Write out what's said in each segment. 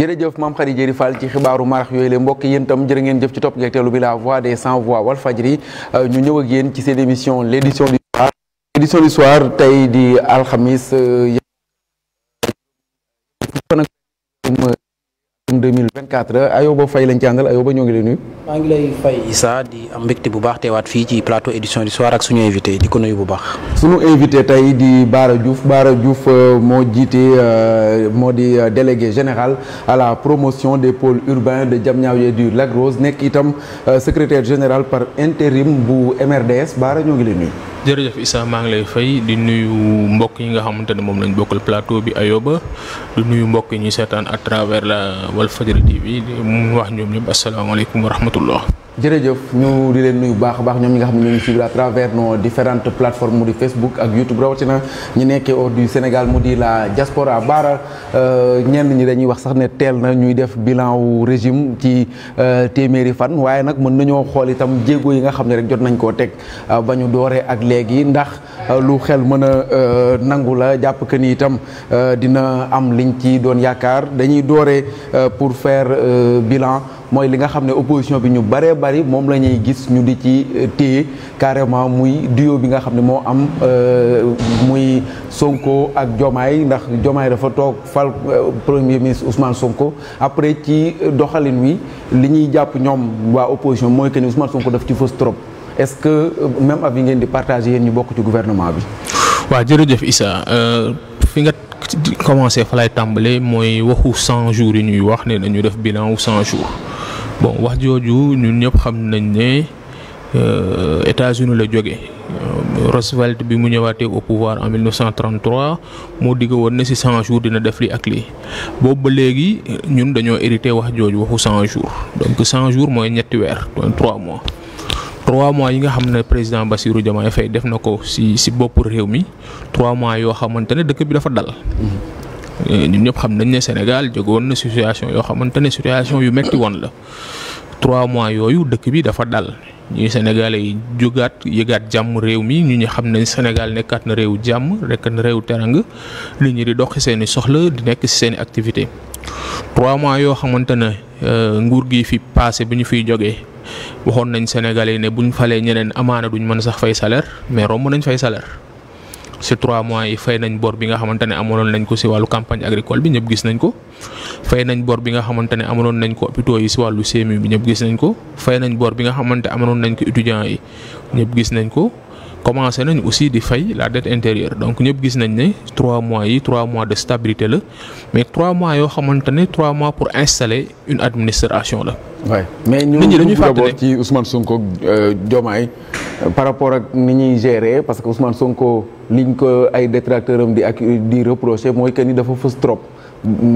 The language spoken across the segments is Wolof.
jërëjëf maam Khary Diéry Fall ci xibaaru marax yooyu la mbokk yéen itam jërë ngeen jëf ci topp geeg teelu bi la voix des sans voix Walfadjri euh, ñu ñëw ak yéen ci seen émission l' édition du soir édition du soir tey di alxamis euh, 2024 euh, Ayoba Faye lañ ci àndal Ayoba ñoo ngi lay nuyu. maa ngi lay fay Issa di am bu baax teewaat fii ci plateau édition du soir ak suñu invité di ko nuyu bu baax. suñu invité tey di baara Diouf baara Diouf euh, moo jiite euh, moo di délégué général à la promotion des pôles urbains de Diamniadio et du Lac Rose nekk itam secretaire général par intérim bu MRDS Bara ñoo ngi leen nuyu. jërëjëf Issa maa ngi lay fay di nuyu mbokk yi nga xamante ne moom lañ bokkal plateau bi Ayoba di nuyu mbokk yi ñuy seetaan à travers la Walfadjri TV bi mu wax ñoom ñëpp asalaamaaleykum wa rahmatullah jërëjëf ñu di leen nuyu baax a baax ñoom ñi nga xam ne ñu ngi suivre à travers nos différentes plateformes mu di Facebook ak YouTube rawatina ñu nekkee hors du Sénégal mu di la diaspora baara euh, ñenn ñi dañuy wax sax ne teel na ñuy def bilan wu régime ci euh, téeméeri fan waaye nag mën nañoo xool itam jéego yi nga xam ne rek jot nañ koo teg euh, ba ñu dooree ak léegi ndax lu xel mën a nangu la jàpp que ni itam dina am liñ ci doon yaakaar dañuy dooree pour faire bilan. mooy li nga xam ne opposition bi ñu bëree bëri moom la ñuy gis ñu di ci euh, téye carrément muy duo bi nga xam ne moo am euh, muy Sonko ak Diomaye ndax Diomaye dafa toog fal euh, premier ministre Ousmane Sonko après ci doxalin wi li ñuy jàpp ñoom waa opposition mooy que ni Sonko daf ci fës trop est-ce que même avis ngeen di partager yéen ñu bokk ci gouvernement bi. waa jërëjëf Issa fi nga commencé fa lay tàmbalee mooy waxu 100 jours yi ñuy wax ne nañu def bilan wu 100 bon wax jooju ñun ñëpp xam nañ ne euh, États-Unis la jóge euh, Roosevelt bi mu ñëwaatee au pouvoir en 1933 moo digg woon ne ci 100 jours dina def li ak lii boobu ba léegi ñun dañoo hérité wax jooju waxu 100 jour donc 100 jours mooy ñetti weer donc mois. 3 mois yi nga xam ne président Bassirou Diomaye fay def na ko ci ci bopp réew mi trois mois yoo xamante ne dëkk bi dafa dal. Mm-hmm. Eh, ñun ñëpp xam nañ ne Sénégal jógoon na situation yoo xamante ne situation yu metti woon la trois mois yooyu dëkk bi dafa dal ñuy sénégalais yi jógaat yëgaat jàmm réew mi ñu ñu xam nañ Sénégal nekkaat na réew jàmm rekk na réew teranga nit ñi di doxi seeni soxla di nekk ci seeni activité trois mois yoo xamante ne euh, nguur gi fi passé bi ñu fiy jógee waxoon nañ sénégalais ne buñ falee ñeneen amaana duñ mën sax fay salaire mais romb nañ fay salaire. ci trois mois yi fay nañ bor bi nga xamante ne amaloon nañ ko ci wàllu campagne agricole bi ñëpp gis nañ ko fay nañ bor bi nga xamante ne amaloon nañ ko hôpitaux yi ci wàllu CMU bi ñëpp gis nañ ko fay nañ bor bi nga xamante amaloon nañ ko étudiants yi ñëpp gis nañ ko commencé nañ aussi di fay la dette intérieure donc ñëpp gis nañ ne trois mois yi trois mois de stabilité la mais trois mois yoo xamante ne trois mois pour installer une administration la. waay mais ñu ci Ousmane Sonko euh, Diomaye par rapport ak ni ñuy gérer parce que Ousmane Sonko. liñ ko ay détracteur am di ak di reproché mooy que nii dafa fës trop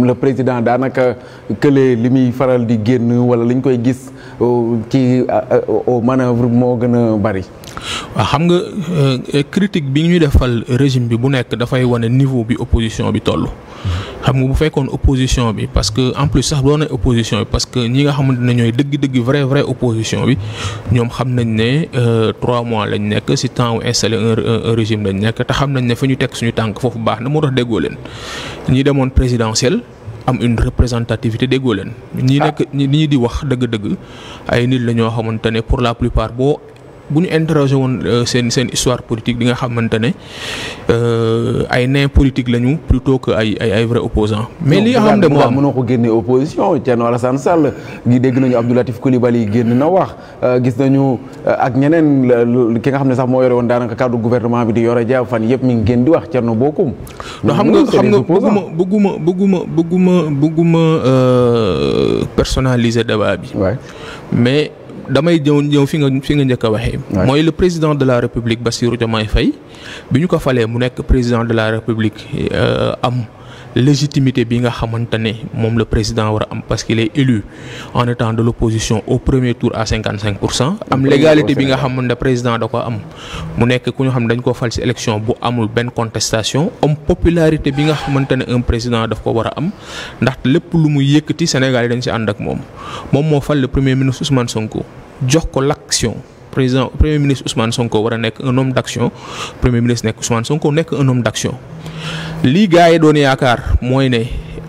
le président daanaka kële li muy faral di génn wala liñ koy gis euh, ci euh, au manœuvre moo gën a bari. waaw xam nga euh, critique bi ñuy defal régime bi bu nekk dafay wane niveau bi opposition bi toll. xam nga bu fekkoon opposition bi parce que en plus sax doon na opposition bi parce que ñi nga xamante ne ñooy dëgg-dëgg vrai vrai opposition bi ñoom xam nañ ne euh, trois mois lañ nekk si temps wu installé un régime lañ nekk te xam nañ ne fi ñu teg suñu tànk foofu baax na moo tax déggoo leen ñi demoon présidentiel am une représentativité déggoo leen. ñi ah. nekk ñi di wax dëgg-dëgg ay nit la ñoo xamante ne pour la plupart boo bu ñu interroger woon euh, seen seen histoire politique di nga xamante ne euh, ay nains politique lañu plutôt que ay ay ay vrais opposants mais li nga xam ne moo am mënoo ko génne opposition Thierno Alassane Sall gi dégg nañu Abdou Latif Coulibaly génn na wax euh, gis nañu ak ñeneen ki nga xam ne sax moo yore woon daanaka kàddu gouvernement bi di yore jaab fan yëpp mi ngi génn di wax Thierno Bocoum. non xam nga xam nga bëgguma bëgguma bëgguma bëgguma bëgguma personnaliser débat bi. mais. damay ñëw ñëw fi nga fi nga njëkk a waxee. mooy le président de la république Bassirou Diomaye fay bi ñu ko falee mu nekk président de la république euh, am. légitimité bi nga xamante ne moom la président war a am parce qu'il est élu en étant de l'opposition au premier tour à cinquante cinq pour cent am légalité bi nga xamante ne président da ko am mu nekk ku ñu xam ne dañ ko fal ci élection bu amul benn contestation am popularité bi nga xamante ne un président daf ko war a am ndaxte lépp lu mu yëkkati Sénégal yi dañ ci ànd ak moom moom moo fal le premier ministre Ousmane Sonko jox ko l'action président premier ministre Ousmane Sonko war a nekk un homme d'action premier ministre nekk Ousmane Sonko nekk un homme lii gars yi doon yaakaar mooy ne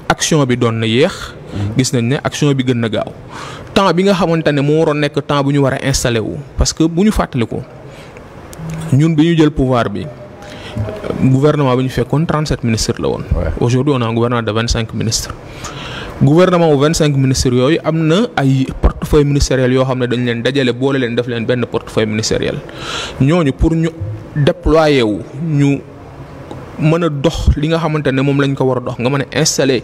action bi doon na yéex. gis nañ ne action bi gën na gaaw temps bi nga xamante ne moo waroon nekk temps bu ñu war a installé wu parce que bu ñu fàttaliku ñun bi ñu jël pouvoir bi. gouvernement bi ñu fekkoon 37 ministres la woon. aujourd'hui on a un gouvernement de 25 ministres. gouvernement wu 25 ministres yooyu am na ay portefeuille ministériel yoo xam ne dañ leen dajale boole leen def leen benn portefeuille ministériel ñooñu ñu déployer wu mën a dox li nga xamante ne moom lañ ko war a dox nga mën a installé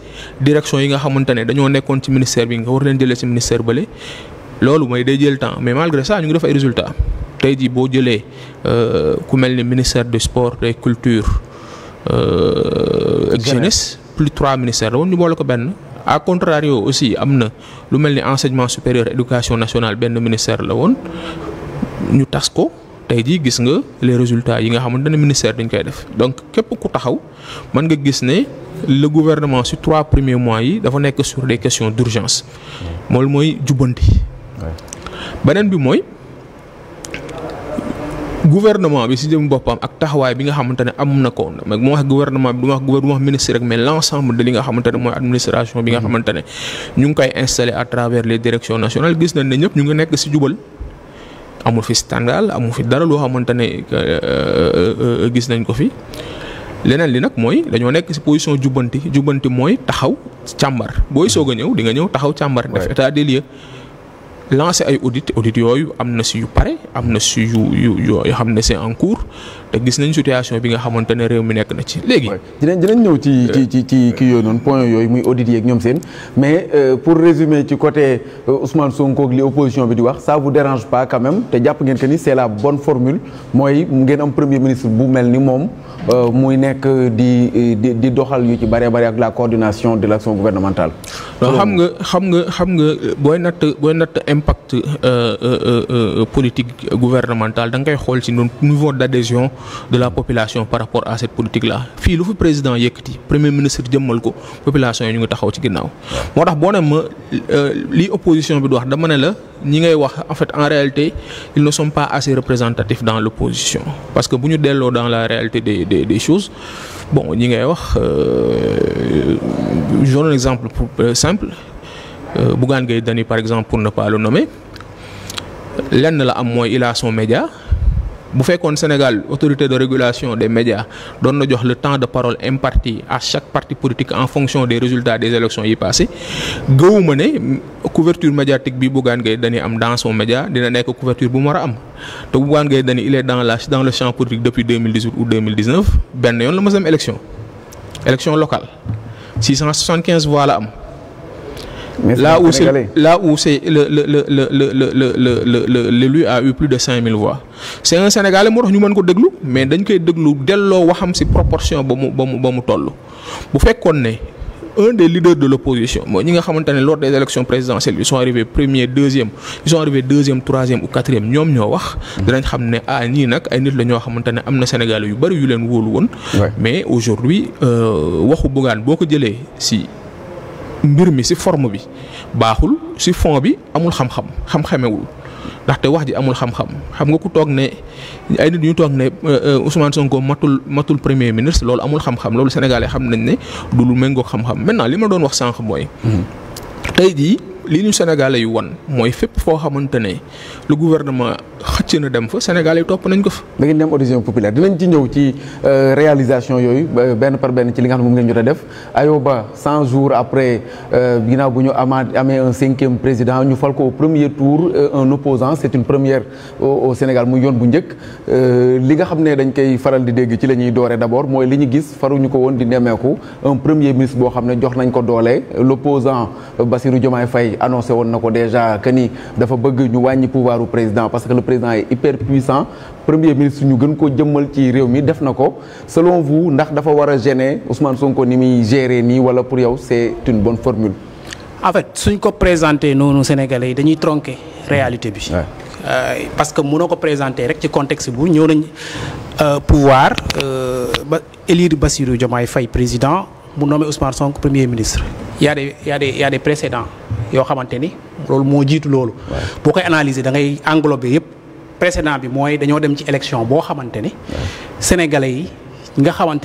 direction yi nga xamante ne dañoo nekkoon ci ministère bi nga war leen jëlee ci ministère bële loolu mooy day jël temps mais malgré ça ñu ngi def ay résultats tey jii boo jëlee euh, ku mel ni ministère du sport des culture ak euh, jeunesse plus trois ministères la woon ñu boole ko benn. à contrario aussi am na lu mel ni enseignement supérieur éducation nationale benn ministère la woon ñu tas ko. tey jii gis nga les résultat yi nga xamante ne ministère dañ koy def donc képp ku taxaw man nga gis ne le gouvernement sur trois premiers mois yi dafa nekk sur des questions d'urgence moom mooy jubbanti. beneen bi mooy gouvernement bi si jëm boppam ak taxawaay bi nga xamante ne na ko mais bu ma bi du ma ministre rek mais l'ensemble de nga xamante ne mooy administration bi nga mm-hmm. xamante ñu ngi koy installé à travers les directions nationales gis nañ ne ñëpp ñu ngi nekk si jubal. amul fi scandale amul fi dara loo xamante ne euh, euh, euh, gis nañ ko fi leneen li nag mooy dañoo nekk ci position jubbanti jubbanti mooy taxaw càmbar booy soog a ñëw di nga ñëw taxaw càmbar. def état des lancé ay audit audit yooyu am na si yu pare am na si yu yu yoo xam ne c'est en cours te gis nañ situation bi nga xamante ne réew mi nekk na ci léegi. dinañ dinañ ñëw ci ci ci euh, kii yooyu noonu point yooyu muy audit yeeg ñoom seen mais euh, pour résumer ci côté euh, Ousmane Sonko ak li opposition bi di wax ça vous dérange pas quand même te jàpp ngeen que ni c'est la bonne formule mooy ngeen am premier ministre bu mel ni moom muy nekk di di doxal yu ci bare bare ak la coordination de l'action gouvernementale. xam nga xam nga xam nga booy natt booy natt impact euh, euh, euh, politique gouvernementale da nga koy xool ci niveau d'adhésion de la population par rapport à cette politique là fii lu fi président yëkkati premier ministre jëmmal ko population yi ñu ngi taxaw ci ginnaaw. moo tax boo ne ma li opposition bi di wax dama ne la ñi ngay wax en fait en réalité ils ne sont pas assez représentatifs dans l'opposition parce que bu ñu delloo dans la réalité des des des choses bon ñi ngay wax je donne simple euh, Bougane Gueye Dany par exemple pour ne pas le nommer lenn la am mooy il a média bu fekkoon Sénégal autorité de régulation des médias doon na jox le temps de parole imparti à chaque parti politique en fonction des résultats des élections yi passées gëwuma ne couverture médiatique bi bu Bougane Gueye Dany am dans son média dina nekk couverture bu mu war a am te Bougane Gueye Dany il est dans la dans le champ politique depuis 2018 ou 2019 benn yoon la mos a am élection élection locale am. là où c'est là où c'est le le le le le le le l'élu a eu plus de 5000 voix c'est un sénégalais moo tax ñu mën ko déglu mais dañ koy déglu delloo waxam ci proportion ba mu ba mu ba mu toll bu fekkoon ne. un des leaders de l'opposition mooy ñi nga xamante ne lors des élections présidentielles ils sont arrivés premier deuxième ils sont arrivés deuxième troisième ou quatrième ñoom ñoo wax. dinañ xam ne ah ñii nag ay nit la ñoo xamante ne am na Sénégalais yu bari yu leen wóolu woon. mais aujourd'hui waxu Bougane boo ko jëlee si. mbir mi si forme bi baaxul si fond bi amul xam-xam xam-xamewul ndaxte wax ji amul xam-xam nga ku toog ne ay nit ñu toog ne euh, euh, Ousmane Sonko matul matul premier ministre loolu amul xam-xam loolu sénégalais xam nañ ne du lu méngoog xam-xam maintenant li ma doon wax sànq mooy mhm. tey jii li ñu sénégalais yu won mooy fépp foo xamante ne le gouvernement xëcc na dem fa sénégalais yi topp nañ ko fa. da ngeen dem audition populaire dinañ ci ñëw ci euh, réalisation yooyu benn par benn ci li nga xam ne moom ngeen jot a def Ayoba 100 jours après euh, ginnaaw bu ñu amaat amee un président ñu fal ko premier tour euh, un opposant c'est une première au muy yoon bu njëkk li nga xam ne dañ koy faral di dégg ci la ñuy dooree d'abord mooy li ñu gis faruñu ko woon di nemmeeku un premier ministre boo xam ne jox nañ ko doole l'opposant Bassirou Diomaye fay Faye annoncé woon na ko déjà que ni dafa bëgg ñu wàññi pouvoir président parce que le président est hyper premier ministre ñu gën ko jëmmal ci réew mi def na ko selon vous ndax dafa war a gêner Ousmane Sonko ni muy gérer nii wala pour yow c'est une bonne formule. en fait suñ ko présenter noonu Sénégalais yi dañuy tronqué réalité bi. Ouais. Euh, parce que mënoo ko présenter rek ci contexte bu ñëw nañ euh, pouvoir euh, ba élire Bassirou Diomaye fay président mu nommé Ousmane Sonko premier ministre. y a des y a des y yoo xamante ni loolu moo jiitu loolu. boo koy analyser da ngay englober yëpp précédent bi mooy dañoo dem ci élection boo xamante ni. sénégalais yi nga xamante